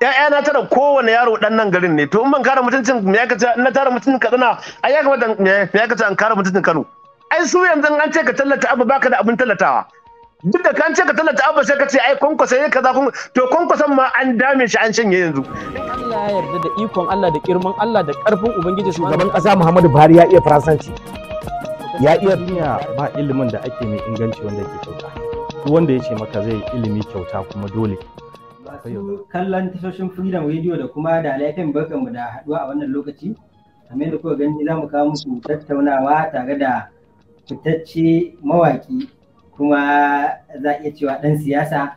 na tara kowane yaro dan nan garin ne to in ban kare mutuncin me ya kace in na tara mutuncin Kaduna ai ya kamata me ya kace an kare mutuncin Kano ai su yanzu an ce ka tallata abu baka da abin tallatawa duk da kan ce ka tallata abu sai ka ce ai kwankwasa ne kaza kun to kwankwasan ma an dame shi an shanye yanzu Allah ya yarda da ikon Allah da kirman Allah da karfin ubangiji shugaban kasa Muhammadu Buhari ya iya faransanci ya iya duniya ba ilimin da ake mai inganci wanda yake kyauta duk wanda ya ce maka zai ilimi kyauta kuma dole kallon tashoshin Freedom Radio da kuma da laifin barkanmu da haduwa a wannan lokaci. Kamar da kuka gani za mu kawo musu tattaunawa tare da fitacce mawaki kuma za iya cewa dan siyasa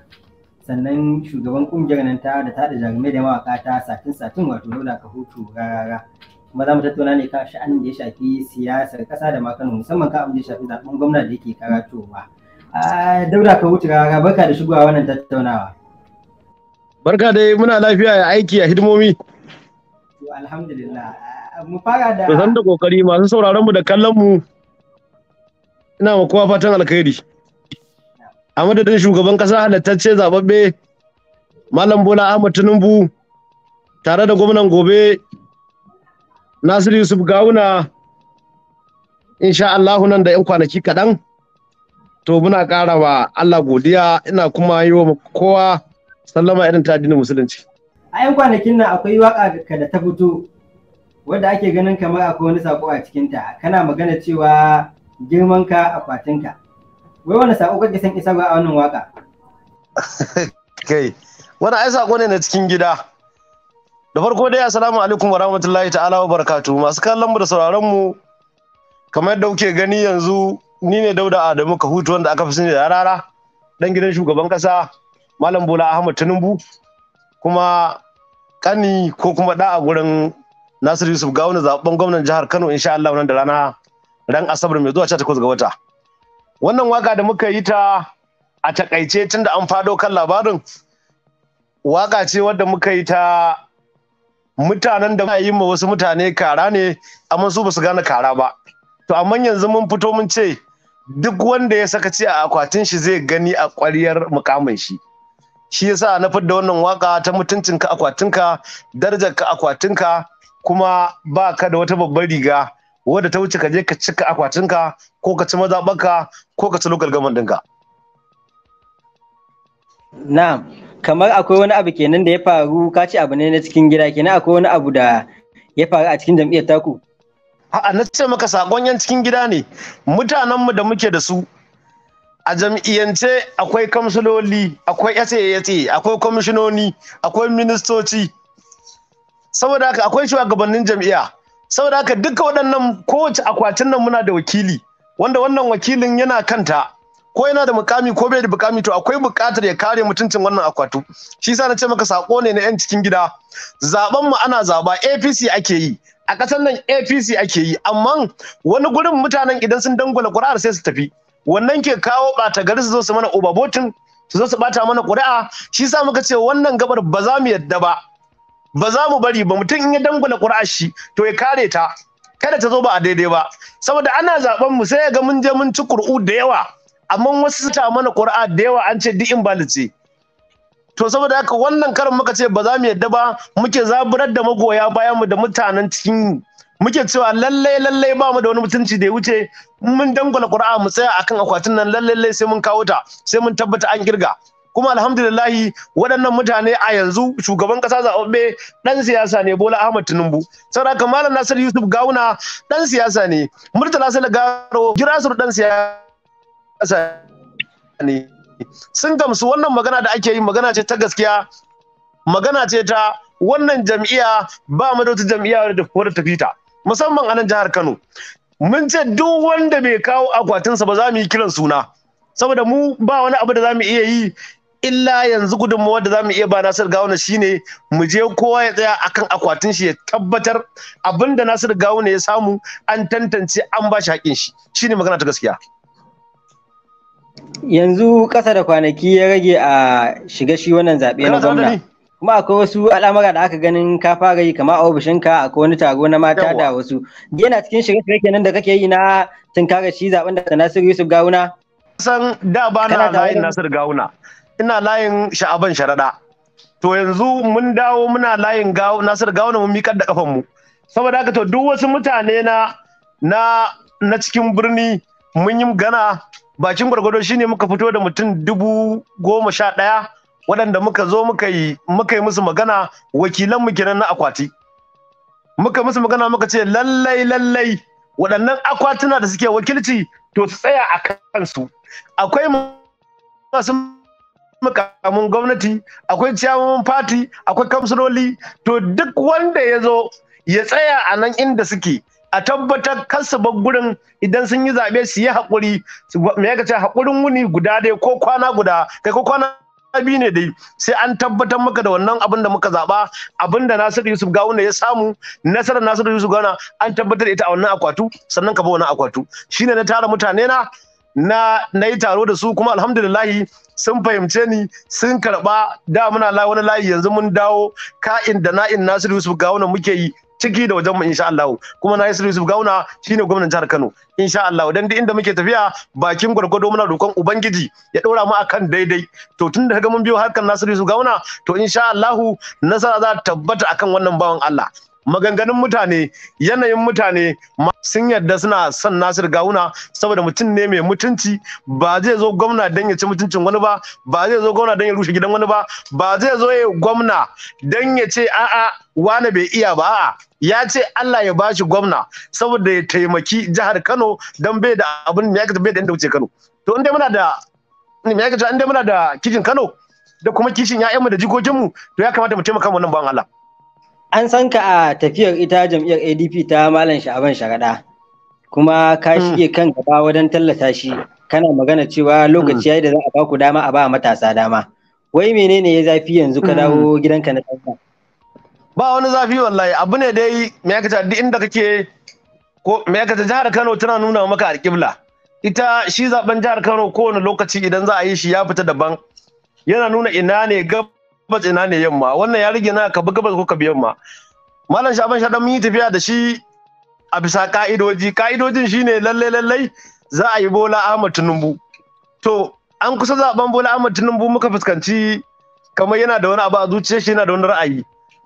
sannan shugaban kungiyar nan ta da ta da jarumai da mawaka ta satin satin wato Lola hutu rarara. Kuma za mu tattauna ne kan sha'anin da ya shafi siyasar kasa da makano musamman ka abin da ya shafi zaɓen gwamna da yake karatowa. Ah, Dauda Kahuta rarara barka da shigowa wannan tattaunawa. Barka dai muna lafiya ya aiki a hidimomi. Alhamdulillah. Mu fara da. da kokari masu sauraron mu da kallon mu. Ina ma kowa fatan alkhairi. A madadin shugaban kasa halattacce zababbe Malam Bola Ahmad Tinubu tare da gwamnan gobe Nasiru Yusuf Gawuna insha Allahu nan da 'yan kwanaki kaɗan. To muna ƙara wa Allah godiya ina kuma yi wa kowa sallama irin ta addinin musulunci a yan kwanakin nan akwai waka ka da ta fito wadda ake ganin kamar akwai wani sako a cikinta kana magana cewa girmanka a kwatinka. wai wani sako kake san ba a wannan waka kai wani ai sako ne na cikin gida da farko dai assalamu alaikum wa rahmatullahi ta'ala wa barakatu masu kallon mu da sauraron mu kamar yadda kuke gani yanzu ni ne dauda adamu kahutu wanda aka fi sani da arara, dan gidan shugaban kasa malam bola ahmad tinubu kuma kani ko kuma da a gurin nasiru yusuf wani zaben gwamnan jihar kano insha allah nan da rana ran asabar mai zuwa 18 ga wata wannan waka da muka yi ta a takaice tunda an fado kan labarin waka ce wadda muka yi ta mutanen da yi ma wasu mutane kara ne amma su basu gane kara ba to amma yanzu mun fito mun ce duk wanda ya saka ci a akwatin shi zai gani a kwaryar mukamin shi shi yasa na da wannan waka ta mutuncinka akwatinka ka akwatinka kuma ba ka da wata babbar riga wadda ta wuce ka je ka cika akwatinka ko ka ci mazaɓarka ko ka ci local government ɗinka. Na'am, kamar akwai wani abu kenan da ya faru ka ce abu ne na cikin gida kenan akwai wani abu da ya faru a cikin jam'iyyar taku. A'a na ce maka sakon yan cikin gida ne mutanenmu da muke da su a jam'iyyance akwai kamsuloli akwai yatse akwai kwamishinoni akwai ministoci saboda haka akwai shugabannin jam'iyya saboda haka duka waɗannan kowace akwatin nan muna da wakili wanda wannan wakilin yana kanta ko yana da mukami ko bai da mukami to akwai buƙatar ya kare mutuncin wannan akwatu shi yasa na ce maka sako ne na yan cikin gida zaben mu ana zaba APC ake yi a ƙasar nan APC ake yi amma wani gurin mutanen idan sun dangwala ƙuri'ar sai su tafi wannan ke kawo bata gari su zo su mana obabotin su zo su bata mana ƙuri'a shi sa muka ce wannan gabar ba za mu yadda ba ba za mu bari ba mutum in ya dangula ƙuri'a shi to ya kare ta kada ta zo ba a daidai ba saboda ana zaben mu sai ya ga mun je mun ci ƙuri'u da yawa amma wasu su ta mana ƙuri'a da yawa an ce duk in ce to saboda haka wannan karin muka ce ba za mu yadda ba muke zaburar da magoya bayan mu da mutanen cikin muke cewa lallai lallai ba mu da wani mutunci da ya wuce mun dangwala ƙura'a mu tsaya akan akwatin nan lallai lallai sai mun kawo ta sai mun tabbata an girga kuma alhamdulillahi waɗannan mutane a yanzu shugaban ƙasa zaɓaɓɓe ɗan siyasa ne bola ahmad tinubu saboda kamala nasir yusuf gawuna ɗan siyasa ne murtala sale girasur ɗan siyasa ne sun gamsu wannan magana da ake yi magana ce ta gaskiya magana ce ta wannan jam'iyya ba mu da wata jam'iyya wadda tafi ta musamman a nan jihar Kano mun ce duk wanda bai kawo akwatinsa ba za mu yi kiran suna saboda mu ba wani abu da za mu iya yi illa yanzu gudunmawar da za mu iya ba Nasir Gawuna shine mu je kowa ya tsaya akan akwatin shi ya tabbatar abinda da Nasir Gawuna ya samu an tantance an ba shi haƙin shi shine magana ta gaskiya yanzu ƙasa da kwanaki ya rage a shiga shi wannan zaɓe na gwamna kuma akwai wasu al'amura da aka ganin ka fara yi kama a ofishinka akwai wani taro na mata da wasu yana cikin shirye-shirye kenan da kake yi na tunkara shi zaben da Nasiru Yusuf Gawuna san da ba na layin Nasiru Gawuna ina layin sha'aban sharaɗa to yanzu mun dawo muna layin Nasiru Gawuna mun miƙar da kafan mu saboda haka to duk wasu mutane na na na cikin birni mun yi gana bakin gwargwado shine muka fito da mutum dubu goma sha ɗaya waɗanda muka zo muka yi muka yi musu magana wakilan mu kenan na akwati muka musu magana muka ce lallai lallai waɗannan akwatuna da suke wakilci to su tsaya a kansu akwai masu mukamin gwamnati akwai ciyawun fati akwai kamsuloli to duk wanda ya zo ya tsaya a nan inda suke a tabbatar kansu bar gurin idan sun yi zaɓe su yi haƙuri me ya ce haƙurin wuni guda dai ko kwana guda kai ko kwana biyu ne dai sai an tabbatar maka da wannan abin da muka zaba abin da Nasiru Yusuf Gawuna ya samu nasarar Nasiru Yusuf Gawuna an tabbatar ita a wannan akwatu sannan ka ba wannan akwatu shine na tara mutane na na na yi taro da su kuma alhamdulillahi sun fahimce ni sun karba da muna la wani layi yanzu mun dawo ka'in da na'in Nasiru Yusuf Gawuna muke yi ciki da wajen mu insha Allah kuma na Yusuf Yusuf Gauna shine gwamnan jihar Kano insha Allah dan duk inda muke tafiya bakin gwargwado muna roƙon ubangiji ya ɗora mu akan daidai to tun da mun biyo harkar Nasiru Yusuf Gauna to insha Allah nasara za ta tabbata akan wannan bawan Allah maganganun mutane yanayin mutane sun yadda suna son Nasir Gawuna saboda mutum ne mai mutunci ba zai zo gwamna don ya ci mutuncin wani ba ba zai zo gwamna don ya rushe gidan wani ba ba zai zo ya gwamna don ya ce a'a wane bai iya ba a ya ce Allah ya bashi gwamna saboda ya taimaki jihar Kano don bai da abin ya bai da inda wuce Kano to inda muna da ya kace inda muna da kishin Kano da kuma kishin 'ya'yanmu da jikokinmu to ya kamata mu taimaka wannan ban Allah an san ka a tafiyar ita jam'iyyar adp ta malam sha'aban shagada, kuma ka hmm. shige kan gaba wajen tallata shi kana magana cewa hmm. lokaci yayi da za a ba ku dama a ba matasa dama wai menene ya zafi yanzu ka hmm. dawo gidanka na ɗanka ba wani zafi wallahi abu ne dai me kace duk inda kake ko me jihar Kano tana nuna maka alƙibla ita shi zaben jihar Kano kowane lokaci idan za a yi shi ya fita daban yana nuna ina ne gab gabas ina ne yamma wannan ya rige na ka bi gabas ko ka bi yamma malam shaban shaɗan mun yi tafiya da shi a bisa ka'idoji ka'idojin shine lalle lalle za a yi bola ahmad tinubu to an kusa zaben bola ahmad tinubu muka fuskanci kamar yana da wani abu a zuciyar shi yana da wani ra'ayi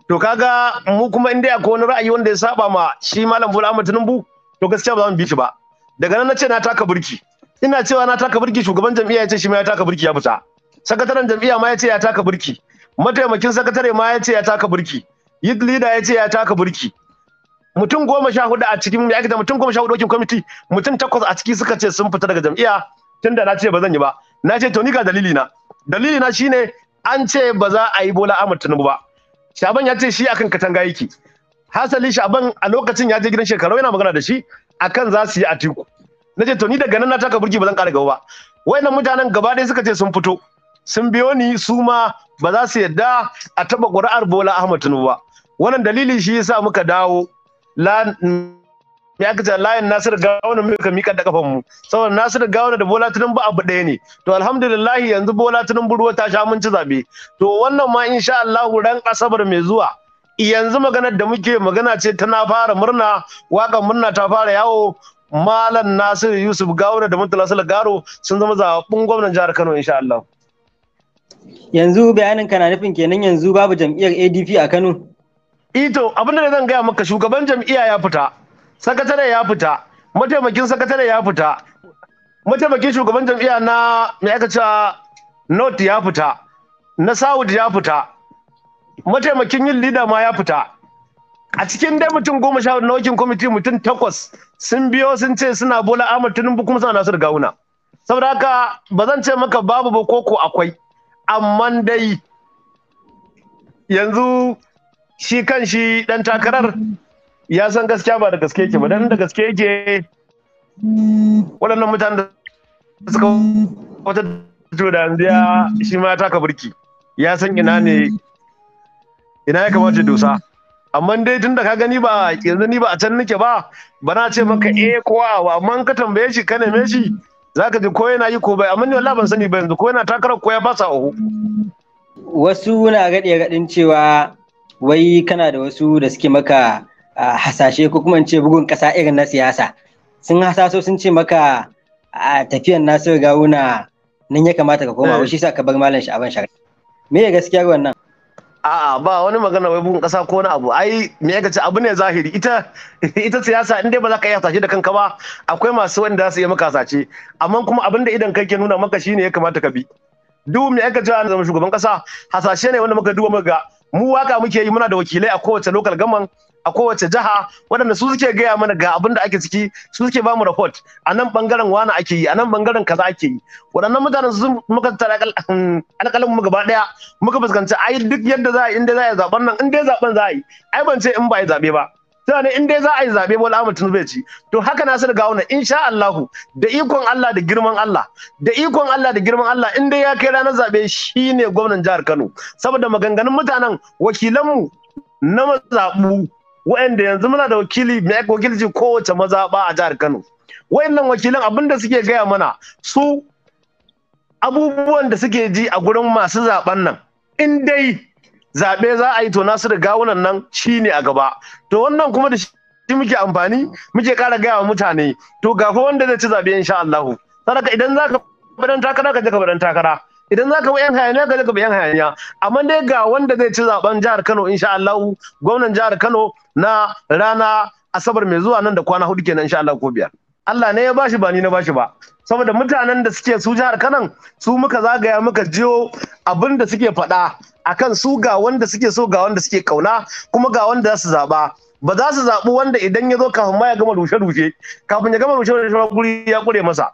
to kaga mu kuma in dai akwai wani ra'ayi wanda ya saba ma shi malam bola ahmad tinubu to gaskiya ba za mu bi shi ba daga nan na ce na taka burki ina cewa na taka burki shugaban jam'iyya ya ce shi ma ya taka burki ya fita sakataren jam'iyya ma ya ce ya taka burki mataimakin sakatare ma ya ce ya taka burki youth leader ya ce ya taka burki mutum goma sha hudu a cikin ya mutum goma sha hudu wakil kwamiti mutum takwas a ciki suka ce sun fita daga jam'iyya tunda na ce ba zan yi ba na ce to ni ga dalili na dalili na shine an ce ba za a yi bola ahmad tinubu ba shaban ya ce shi akan katanga yake hasali shaban a lokacin ya je gidan shekarau yana magana da shi akan za su yi atiku na ce to ni daga nan na taka burki ba zan kara gaba ba wayannan mutanen gaba ɗaya suka ce sun fito sun biyo ni su ma ba za su yadda a taba ƙuri'ar Bola Ahmad Tinubu ba wannan dalili shi yasa muka dawo ya kace layin Nasir Gawuna muka mika da kafan mu saboda Nasir Gawuna da Bola Tinubu abu ɗaya ne to alhamdulillah yanzu Bola Tinubu ruwa ta sha mun ci zabe to wannan ma insha Allah ran asabar mai zuwa yanzu maganar da muke magana ce tana fara murna waƙar murna ta fara yawo malam Nasir Yusuf Gawuna da Murtala Garo sun zama zaɓaɓɓun gwamnan jihar Kano insha Allah yanzu bayanin na nufin kenan yanzu babu jam'iyyar adp a kano ito eh abinda zan gaya maka shugaban jam'iyya ya fita sakatare ya fita mataimakin sakatare ya fita mataimakin shugaban jam'iyya na mai aka cewa north ya fita na saudi ya fita mataimakin yin leader ma ya fita a cikin dai mutum goma sha na wakin kwamiti mutum takwas sun biyo sun ce suna bola amur tunin kuma suna nasu da gauna saboda haka ba zan ce maka babu ba koko akwai amma dai yanzu shi kan shi ɗan takarar ya san gaskiya ba da gaske yake ba dan da gaske yake waɗannan mutanen da suka wata da yanzu shi ma ya taka birki ya san ina ne ina ya kamata dosa amma dai tun da ka gani ba yanzu ni ba a can nake ba bana ce maka eh ko a amma ka tambaye shi ka neme shi zaka ji ko yana yi ko bai amma ni wallahi ban sani ba yanzu ko yana takarar ko ya fasa uhu wasu na raɗe-raɗin cewa wai kana da wasu da suke maka hasashe ko kuma ce bugun kasa irin na siyasa sun hasaso sun ce maka a tafiyan nasu gawuna nan ya kamata ka koma eh. wai shi sa ka bar malam sha'aban shari'a me ya gaskiya wannan a'a ba wani magana wai bugun kasa ko wani abu ai me ya ce abu ne zahiri ita ita siyasa in dai ba za ka iya hasashe da kanka ba akwai masu wanda za su iya maka hasashe amma kuma abin da idan kai ke nuna maka shine ya kamata ka bi duk me ya gaci an zama shugaban kasa hasashe ne wanda muka duba muka mu waka muke yi muna da wakilai a kowace local gaman a kowace jiha waɗanda su suke gaya mana ga abin da ake ciki su suke bamu report a nan bangaren wani ake yi a nan bangaren kaza ake yi waɗannan mutanen su muka tara alƙalin mu gaba ɗaya muka fuskanci ai duk yadda za a yi inda za a yi zaben nan in dai zaben za a yi ai ban ce in ba a yi zaɓe ba tunani in dai za a yi zaɓe wani ahmad zai ci to haka na su ga wannan insha allahu da ikon allah da girman allah da ikon allah da girman allah in dai ya kai ranar zaɓe shine gwamnan jihar kano saboda maganganun mutanen wakilanmu na mazaɓu wa'anda yanzu muna da wakili mai wakilci kowace maza ba a jihar Kano wa'annan wakilan abin da suke gaya mana su abubuwan da suke ji a gurin masu zaben nan in dai zaɓe za a yi to nasu da gawunan nan shi ne a gaba to wannan kuma da shi muke amfani muke ƙara gaya wa mutane to gafa wanda zai ci zaɓe insha Allahu sadaka idan za ka badan takara ka je ka badan takara idan za ka bi yan hayaniya ka zaka bi yan hayaniya amma dai ga wanda zai ci zaben jihar Kano insha Allah gwamnan jihar Kano na rana asabar mai zuwa nan da kwana hudu kenan insha Allah ko biyar Allah ne ya bashi ba ni na bashi ba saboda mutanen da suke su jihar Kano su muka zagaya muka jiyo abin da suke faɗa akan su ga wanda suke so ga wanda suke kauna kuma ga wanda za su zaba ba za su zaɓi wanda idan ya zo kafin ma ya gama rushe-rushe kafin ya gama rushe-rushe guri ya kure masa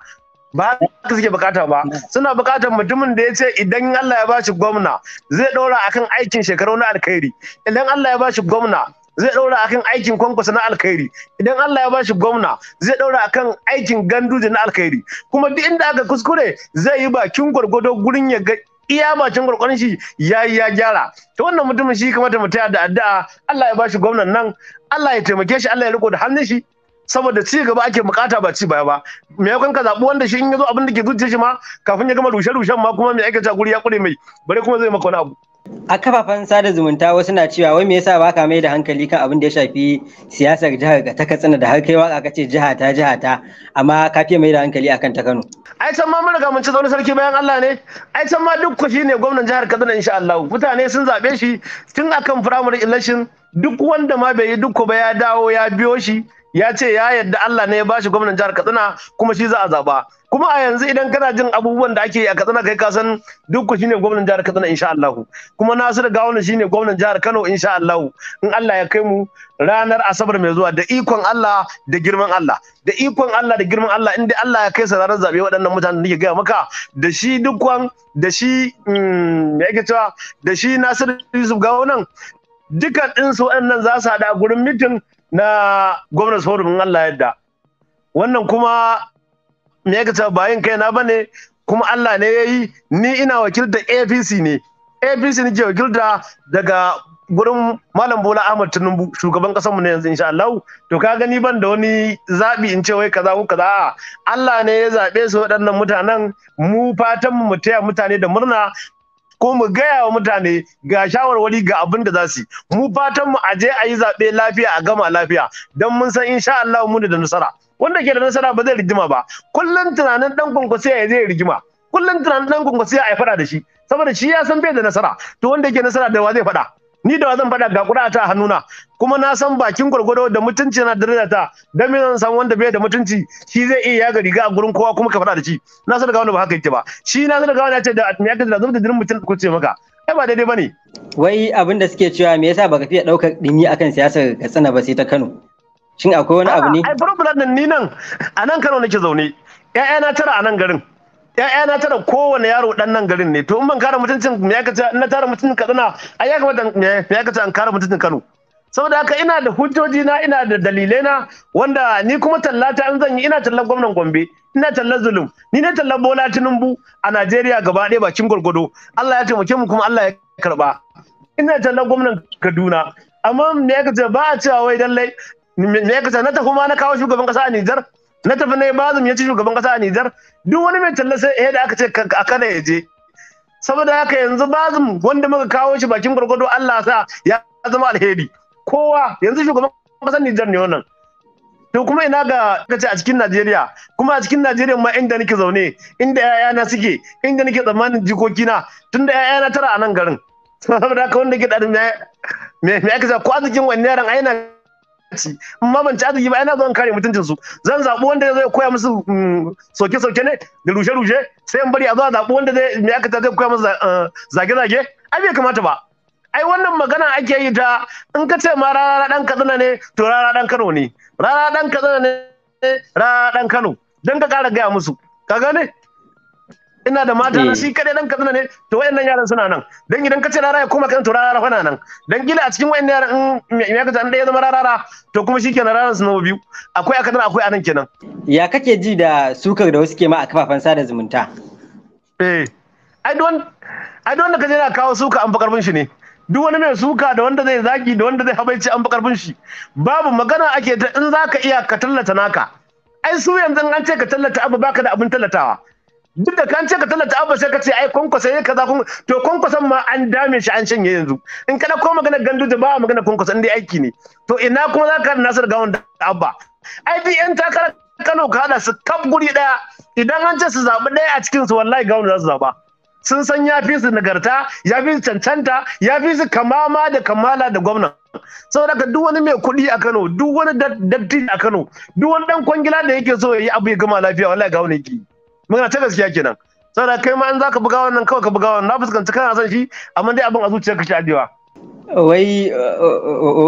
ba haka suke bukata ba suna bukatar mutumin da ya ce idan Allah ya bashi gwamna zai daura akan aikin shekaru na alkhairi idan Allah ya bashi gwamna zai daura akan aikin kwankwasa na alkhairi idan Allah ya bashi gwamna zai daura akan aikin ganduje na alkhairi kuma duk inda aka kuskure zai yi bakin gwargwado gurin ya ga iya bakin gwargwadon shi ya yi ya gyara ta wannan mutumin shi kamata mu da addu'a Allah ya bashi gwamnan nan Allah ya taimake shi Allah ya riko da hannun shi saboda ci gaba ake bukata ba ci baya ba me yakan ka zabu wanda shi in yazo abin da ke zuciya shi ma kafin ya gama rushe rushen ma kuma me aikata guri ya kure mai bare kuma zai maka wani abu a kafafen sada zumunta wasu na cewa wai me yasa baka mai da hankali kan abin da ya shafi siyasar jihar ga ta katsina da har kai waka kace jiha ta jiha ta amma ka fiye mai da hankali akan ta Kano ai san ma mun ga mun ci zaune sarki bayan Allah ne ai san ma duk ku shine gwamnan jihar Katsina insha Allah mutane sun zabe shi tun akan primary election duk wanda ma bai yi duk ba ya dawo ya biyo shi ya ce ya yadda Allah ne ya bashi gwamnan jihar Katsina kuma shi za a zaba kuma a yanzu idan kana jin abubuwan da ake yi a Katsina kai ka san duk shine gwamnan jihar Katsina insha Allah kuma Nasiru Gawon shine gwamnan jihar Kano insha Allah in Allah ya kai mu ranar Asabar mai zuwa da ikon Allah da girman Allah da ikon Allah da girman Allah in Allah ya kai sa ranar zabe waɗannan mutanen da nake gaya maka da shi dukwan da shi mm, me yake cewa da shi Nasiru Yusuf Gawon dukan ɗinsu waɗannan za su haɗa gurin mitin na gwamnan saurin Allah yadda wannan kuma me ya kai bayin na bane kuma Allah ne yayi ni ina da APC ne APC ne ke da daga gurin Malam Bola Ahmad Tinubu shugaban kasar mu ne yanzu insha Allah to ka gani ban da wani zabi in ce wai kaza ko kaza Allah ne ya zabe su waɗannan mutanen mu fatan mu taya mutane da murna ko mu gaya wa mutane ga shawarwari ga abin da za su yi mu fatan mu aje a yi zaɓe lafiya a gama lafiya don mun san insha Allah mu da nasara wanda ke da nasara ba zai rigima ba kullum tunanin dan kwankwaso ya zai rigima kullum tunanin dan kwankwasi ya fada da shi saboda shi ya san bai da nasara to wanda ke nasara da wa zai fada ni da zan faɗa ga ta a hannuna kuma na san bakin gwargwado da mutunci na daraja ta dan me zan san wanda bai da mutunci shi zai iya yaga riga a gurin kowa kuma ka faɗa da shi na san daga wanda ba haka yake ba shi na san daga wanda yace da me yake da zan da dirin mutun ku ce maka ai ba daidai bane wai abin da suke cewa me yasa baka fiye ɗaukar dimi akan siyasar Katsina ba sai ta Kano shin akwai wani abu ne ai problem din ni nan a nan Kano nake zaune ƴaƴana tara a nan garin ƴaƴana tara kowane yaro dan nan garin ne to in ban kare mutuncin me ya kace na tara mutuncin Kaduna ai ya kamata me yaka kace an kare mutuncin Kano saboda haka ina da hujjoji na ina da dalilai na wanda ni kuma tallata an zan yi ina tallan gwamnan Gombe ina tallan zulum ni ne tallan Bola Tinubu a Najeriya gaba ɗaya bakin gwargwado Allah ya taimake mu kuma Allah ya karba ina tallan gwamnan Kaduna amma me yaka kace ba a cewa wai lai me yaka kace na tafi ma na kawo shugaban kasa a Nijar na tafi na bazum ya ci shugaban kasa a Nijar duk wani mai talla sai eh da aka ce a kada ya je saboda haka yanzu bazum wanda muka kawo shi bakin gwargwado Allah sa ya zama alheri kowa yanzu shugaban kasa Nijar ne wannan to kuma ina ga kace a cikin Najeriya kuma a cikin Najeriya ma inda nake zaune inda yayana suke inda nake tsammanin jikokina tunda yayana tara a nan garin saboda haka wanda ke da me me aka ce ko azikin wannan yaran ai na ci amma ban ci arziki ba ina zan kare mutuncin su zan zaɓi wanda zai koya musu mm, soke-soke ne da rushe-rushe sai in bari a zo a zaɓi wanda zai me aka zai koya musu eh, zage-zage ai bai kamata ba ai wannan magana ake yi ta in ka ce ma rana dan kaduna ne to rana dan kano ne rana dan kaduna ne rana dan kano dan ka kara gaya musu ka gane ina da mata na eh. shi kadai dan kaduna ne to wayannan yaran suna nan dan idan ka ce rara ya koma kan to rara fana nan dan gila a cikin wayannan yaran in ya kace an da ya zama rara to kuma shikenan raran su nawa biyu akwai a kaduna akwai a nan kenan ya kake ji da sukar da wasu ke ma a kafafen sada zumunta eh i don't i don't kaje na kawo suka an fa karfin shi ne duk wani mai suka da wanda zai zagi da wanda zai habaici an fa karfin shi babu magana ake ta in zaka iya ka tallata naka ai su yanzu an ce ka tallata abu baka da abin tallatawa duk da kan ce ka tallata abu sai ka ce ai kwankwasa ne kaza kun to kwankwasan ma an dame shi an shanye yanzu in kana ko magana gandu da ba magana kwankwasa inda aiki ne to ina kuma za ka sar gawon da abba ai bi yan takara Kano ka hada su kaf guri daya idan an ce su zaɓi ɗaya a cikin su wallahi gawon za su zaɓa sun san ya fi su nagarta ya fi su cancanta ya fi su kamama da kamala da gwamna saboda ka duk wani mai kuɗi a Kano duk wani datti a Kano duk wani dan kwangila da yake so ya yi abu ya gama lafiya wallahi gawon yake yi Muna ta gaskiya kenan saboda kai ma in zaka buga wannan kawai ka buga wannan na fuskanci kana son shi amma dai abin a zuciyar ka shi wai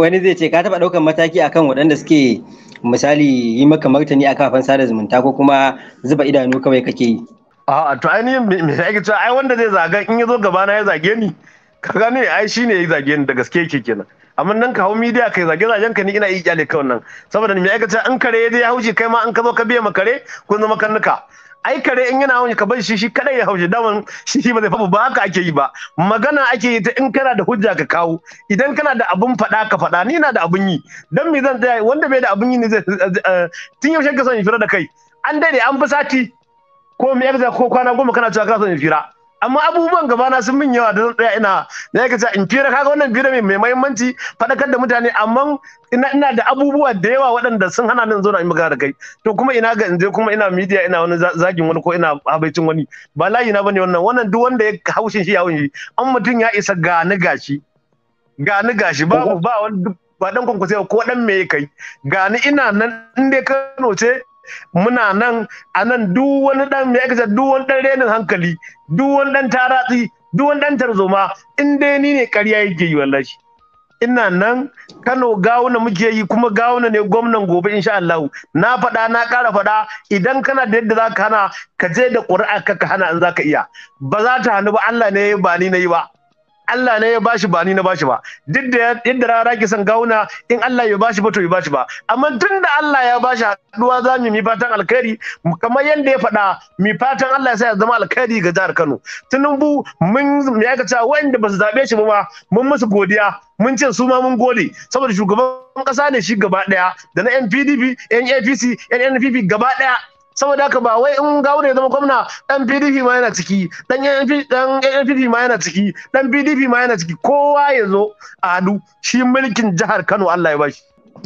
wani zai ce ka taba daukan mataki akan waɗanda suke misali yi maka martani a kafan sada zumunta ko kuma zuba idanu kawai kake yi a'a to ainihin me ake cewa ai wanda zai zaga in ya zo gaba na ya zage ni ka gane ai shine ya zage ni da gaske yake kenan amma nan ka hau midiya kai zage zagen ka ni ina yi kyale kawai nan saboda me aka ce an kare ya je ya haushi kai ma an ka zo ka biya makare kun zama karnuka ai kare in yana haushi ka bar shi shi kadai ya haushi daman shi shi ba zai faɓa ba haka ake yi ba magana ake yi ta in kana da hujja ka kawo idan kana da abun faɗa ka faɗa ni na da abun yi dan me zan tsaya wanda bai da abun yi ne zai eh, tun yaushe ka son fira da kai an daɗe an fi sati ko me yaka ko kwana goma kana cewa kana son fira amma abubuwan gaba na sun min yawa da zan tsaya ina na in fira kaga wannan fira mai mahimmanci faɗakar da mutane amma ina ina da abubuwa da yawa waɗanda sun hana ni zo na yi magana da kai to kuma ina ga in je kuma ina media ina wani zagin wani ko ina habaicin wani ba layi na bane wannan wannan duk wanda ya haushin shi ya wuni an mutum ya isa ga ni gashi ga ni gashi ba ba wani ba dan ko dan me kai ga ni ina nan in dai Kano ce muna nan a nan duk wani dan mai aka duk wani dan renin hankali duk wani dan taratsi duk wani dan tarzoma in dai ni ne ƙarya yake yi wallahi ina nan Kano gawuna muke yi kuma gawuna ne gwamnan gobe insha Allah na faɗa na ƙara faɗa idan kana da yadda zaka hana ka je da ƙuri'a ka hana in zaka iya ba za ta hannu ba Allah ne ba ni na yi ba Allah ne ya bashi ba ni na bashi ba duk da yadda rara ki san gauna in Allah ya bashi ba to ya bashi ba amma tun da Allah ya bashi haduwa za mu yi fatan alkhairi kamar yadda ya faɗa mi fatan Allah ya sa ya zama alkhairi ga jihar Kano Tinubu mun ya ga cewa wanda ba su zabe shi ba mun musu godiya mun ce su ma mun gode saboda shugaban kasa ne shi gaba daya da na NPDP, NAPC, NNPP gaba daya saboda haka ba wai in gaure zama gwamna dan PDP ma yana ciki dan NPDP ma yana ciki dan PDP ma yana ciki kowa ya zo a hadu shi mulkin jihar Kano Allah ya bashi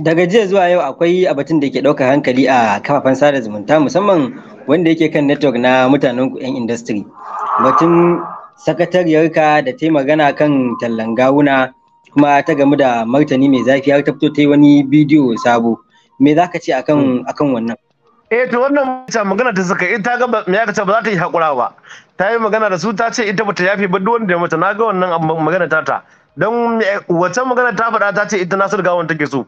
daga jiya zuwa yau akwai abatun da ke ɗaukar hankali a kafafen sada zumunta musamman wanda yake kan network na mutanen yan industry batun sakatariyarka da ta magana kan tallan gawuna kuma ta gamu da martani mai zafi har ta fito ta yi wani bidiyo sabo me za ka ce akan wannan eh to wannan mace magana ta saka in ta ga me aka ce ba za ta yi hakura ba ta yi magana da su ta ce ita ba ta yafe ba duk wanda ya mace na ga wannan magana ta ta don wacce magana ta faɗa ta ce ita na sirga Gawon take so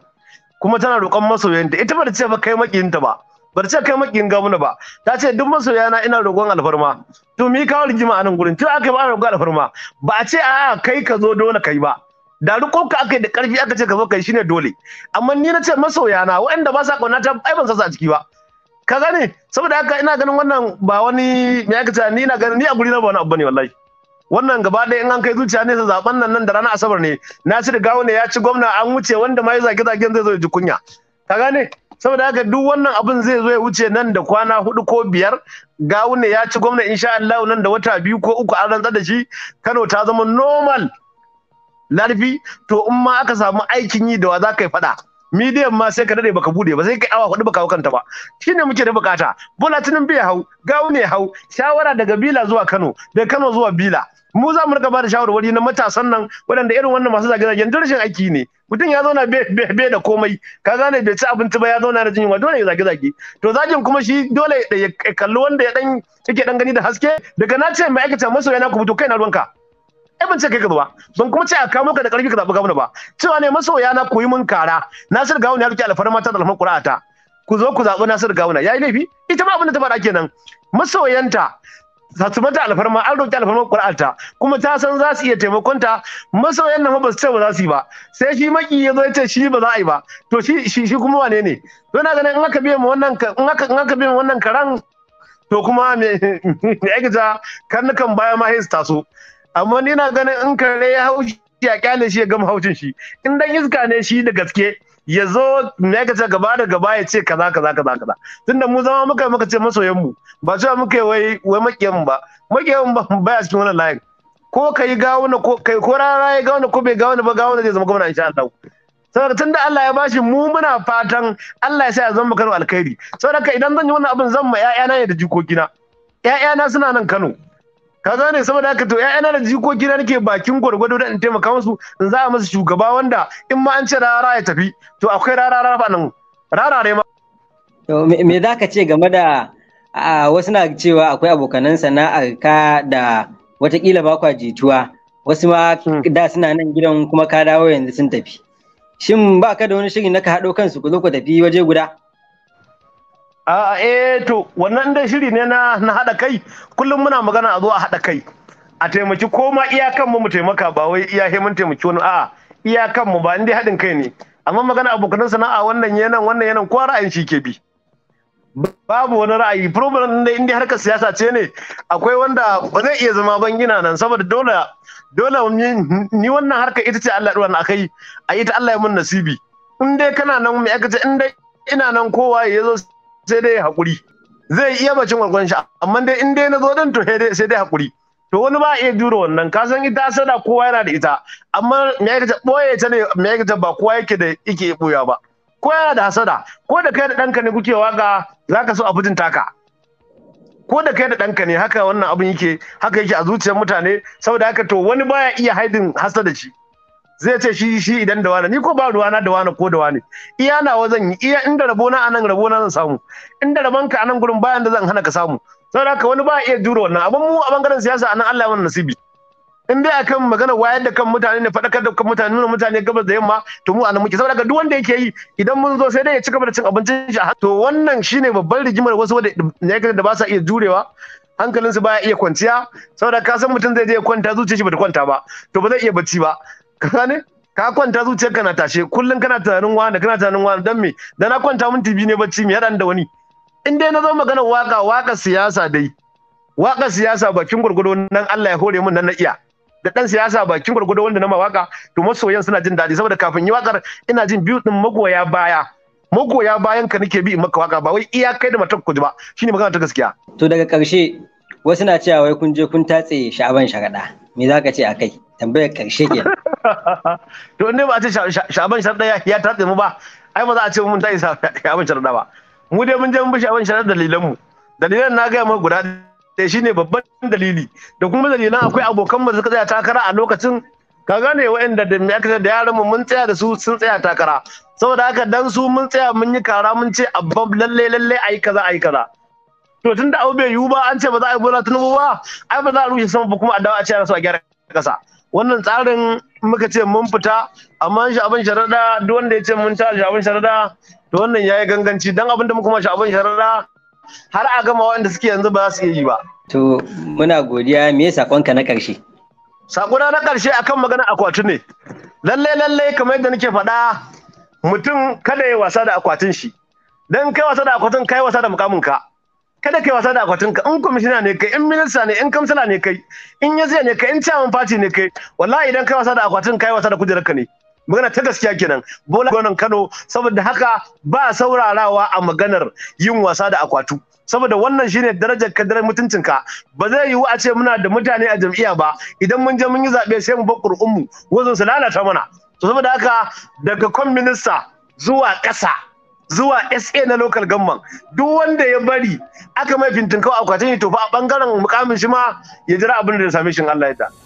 kuma tana roƙon masoyanta ita ba ta ce ba kai makiyinta ba ta ce kai makiyin gamuna ba ta ce duk masoyana ina roƙon alfarma to mi kawo rigima a nan gurin tun aka yi ba ana roƙon alfarma ba a ce a kai ka zo dole kai ba da rukon ka aka yi da ƙarfi aka ce ka zo kai shine dole amma ni na ce masoyana waɗanda ba sa ƙauna ta ai ban sasa a ciki ba ka gane saboda haka ina ganin wannan ba wani me yake ta ni na ganin ni a guri na ba wani abu bane wallahi wannan gaba ɗaya in an kai zuciya ne sa zaben nan nan da ranar asabar ne Nasiru Gawo ne ya ci gwamna an wuce wanda ma ya zage zagen zai zo ya ji kunya ka gane saboda haka duk wannan abin zai zo ya wuce nan da kwana hudu ko biyar Gawo ne ya ci gwamna insha Allah nan da wata biyu ko uku an rantsar da shi Kano ta zama normal larfi to in ma aka samu aikin yi da wa za ka yi faɗa midiyan ma sai ka dade baka bude ba sai kai awa hudu baka hau kanta ba shine muke da bukata bola tinin bai hau gawo ne hau shawara daga bila zuwa kano daga kano zuwa bila mu za mu rika ba da shawarwari na matasan nan Wadanda irin wannan masu zage-zagen rashin aiki ne mutum ya zauna bai da komai ka gane bai ci abinci ba ya zauna da jin yunwa dole ya zage-zage to zagin kuma shi dole ya kalli wanda ya dan yake dan gani da haske daga na ce mai aikata masoya ku fito kai na ruwanka ai ban ce kai ka ba ban kuma ce a kawo maka da karfi ka zaɓi gwamna ba cewa ne masoya na koyi mun kara nasir gawuna ya rike alfarma ta da alfan qur'ata ku zo ku zaɓi nasir gawuna yi laifi ita ma abin da ta faɗa kenan masoyanta su mata alfarma an roƙi alfarma ta kuma ta san za su iya taimakonta masoyan nan ba su ce ba za su yi ba sai shi maki ya zo ya ce shi ba za a yi ba to shi shi shi kuma wane ne to na ganin in aka biya mu wannan in aka in aka biya mu wannan karan to kuma me me ta karnukan baya ma sai su taso amma ni na ganin in kare ya hau ya kyale shi ya gama haucin shi in dan iska ne shi da gaske ya zo me ka ce gaba da gaba ya ce kaza kaza kaza kaza tunda mu zama muka muka ce masoyan mu ba cewa muka wai wai makiyan ba makiyan ba baya cikin wannan layin ko kai gawuna ko kai ko rara ya gawuna ko bai wani ba gawuna zai zama gwamna insha Allah saboda tunda Allah ya bashi mu muna fatan Allah ya sa ya zama Kano alkhairi saboda idan zan yi wannan abin zan ma 'ya'yana ne da jikokina 'ya'yana suna nan Kano ka gane saboda haka to ƴaƴana da ko na nake bakin gwargwado da in taimaka musu in za a musu shugaba wanda in ma an ce rara ya tafi to akwai rara rara nan rarare ma to me za ka ce game da wasu na cewa akwai abokanan sana'ar ka da watakila ba kwa jituwa wasu ma hmm. da suna nan gidan kuma ka dawo yanzu sun tafi shin ba ka da wani shiri na ka haɗo kansu ku zo ku tafi waje guda a eh to wannan dai shiri ne na na haɗa kai kullum muna magana a zo a haɗa kai a taimaki ko ma iyakan mu mu taimaka ba wai iya mun taimaki wani a'a iyakan mu ba in dai haɗin kai ne amma magana abokan sana'a wannan yanan wannan yanan ko ra'ayin shi ke bi babu wani ra'ayi problem din da harkar siyasa ce ne akwai wanda ba zai iya zama ban gina nan saboda dole dole ni wannan harkar ita ce Allah duwan akai a ita Allah ya mun nasibi in dai kana nan mu aka ce in dai ina nan kowa ya zo sai dai hakuri zai iya bacin gwargwadon shi amma dai in dai na zo dan to sai dai hakuri to wani ba iya jure wannan ka san ita sada kowa yana da ita amma me yake ta boye ta ne me yake ta ba kowa yake da yake boya ba kowa yana da hasada ko da kai da danka ne kuke waka zaka so a fitin taka ko da kai da danka ne haka wannan abin yake haka yake a zuciyar mutane saboda haka to wani baya iya haidin hasada ci. zai ce shi shi idan da wani ni ko ba ruwana da wani ko da wani iya nawa zan yi iya inda rabona a nan rabona zan samu inda rabanka a nan gurin bayan da zan hana ka samu saboda haka wani ba iya jure wannan abin mu a bangaren siyasa a nan Allah mana nasibi in dai akan magana wayar da kan mutane ne faɗakar da kan mutane nuna mutane gabas da yamma to mu a muke saboda ka duk wanda yake yi idan mun zo sai dai ya ci gaba da cin abincin shi a to wannan shine babban rigimar wasu da ba sa iya jurewa hankalinsu baya iya kwanciya saboda ka san mutum zai je kwanta zuciyarsa ba ta kwanta ba to ba zai iya bacci ba ka ka kwanta zuciyarka na tashe kullum kana tunanin wani kana tunanin wani dan me da na kwanta mun tibi ne bacci me hadan da wani in dai na zo maganar waka waka siyasa dai waka siyasa bakin gurgudo nan Allah ya hore mun nan na iya da dan siyasa bakin gurgudo wanda na ma waka to masoyan suna jin daɗi saboda kafin yi wakar ina jin biyu din magoya baya magoya bayan ka nake bi in maka waka ba wai iya kai da matar ku ba shine magana ta gaskiya to daga karshe wasu na cewa wai kun je kun tatse sha'aban shagada me zaka ce akai tambayar karshe kenan to inda ba a ce shaban sharda ya tatse mu ba ai ba za a ce mun tayi shaban sharda ba mu dai mun je mun bi shaban sharda dalilan mu dalilan na gaya maka guda ɗaya shine babban dalili da kuma dalilan akwai abokan mu suka tsaya takara a lokacin ka gane waɗanda da me aka da yaran mu mun tsaya da su sun tsaya takara saboda haka dan su mun tsaya mun yi kara mun ce abban lalle lalle ayi kaza ayi kaza to tunda abu bai yiwu ba an ce ba za a yi bola tunubu ba ai ba za a rushe sama ba kuma a dawo a ce ana so a gyara kasa wannan tsarin muka ce mun fita amma shi abin sharaɗa duk wanda ya ce mun ta shi abin sharaɗa to wannan yayi ganganci dan abin da muka ma shi abin sharaɗa har a gama waɗanda suke yanzu ba su iya yi ba. To muna godiya me sakonka na ƙarshe? Sakona na ƙarshe akan magana akwatu ne. Lalle lalle kamar yadda nake faɗa mutum kada ya wasa da akwatin shi. Dan kai wasa da akwatin kai wasa da mukamin ka. kada kai wasa da akwatin ka in kwamishina ne kai in minista ne in kamsala ne kai in yaziya ne kai in chairman party ne kai wallahi idan kai wasa da akwatin kai wasa da kujerar ka ne magana ta gaskiya kenan bola gonan Kano saboda haka ba saurarawa a maganar yin wasa da akwatu saboda wannan shine darajar kadar mutuncinka ba zai yiwu a ce muna da mutane a jam'iyya ba idan mun je mun yi zaɓe sai mu bar ummu wazo su lalata mana to saboda haka daga kwan minista zuwa ƙasa zuwa SA na local gamman duk wanda ya bari aka mai fintinkau akwatin to tofa a ɓangaren mukamin shi ma ya jira abin da ya same shi Allah ya da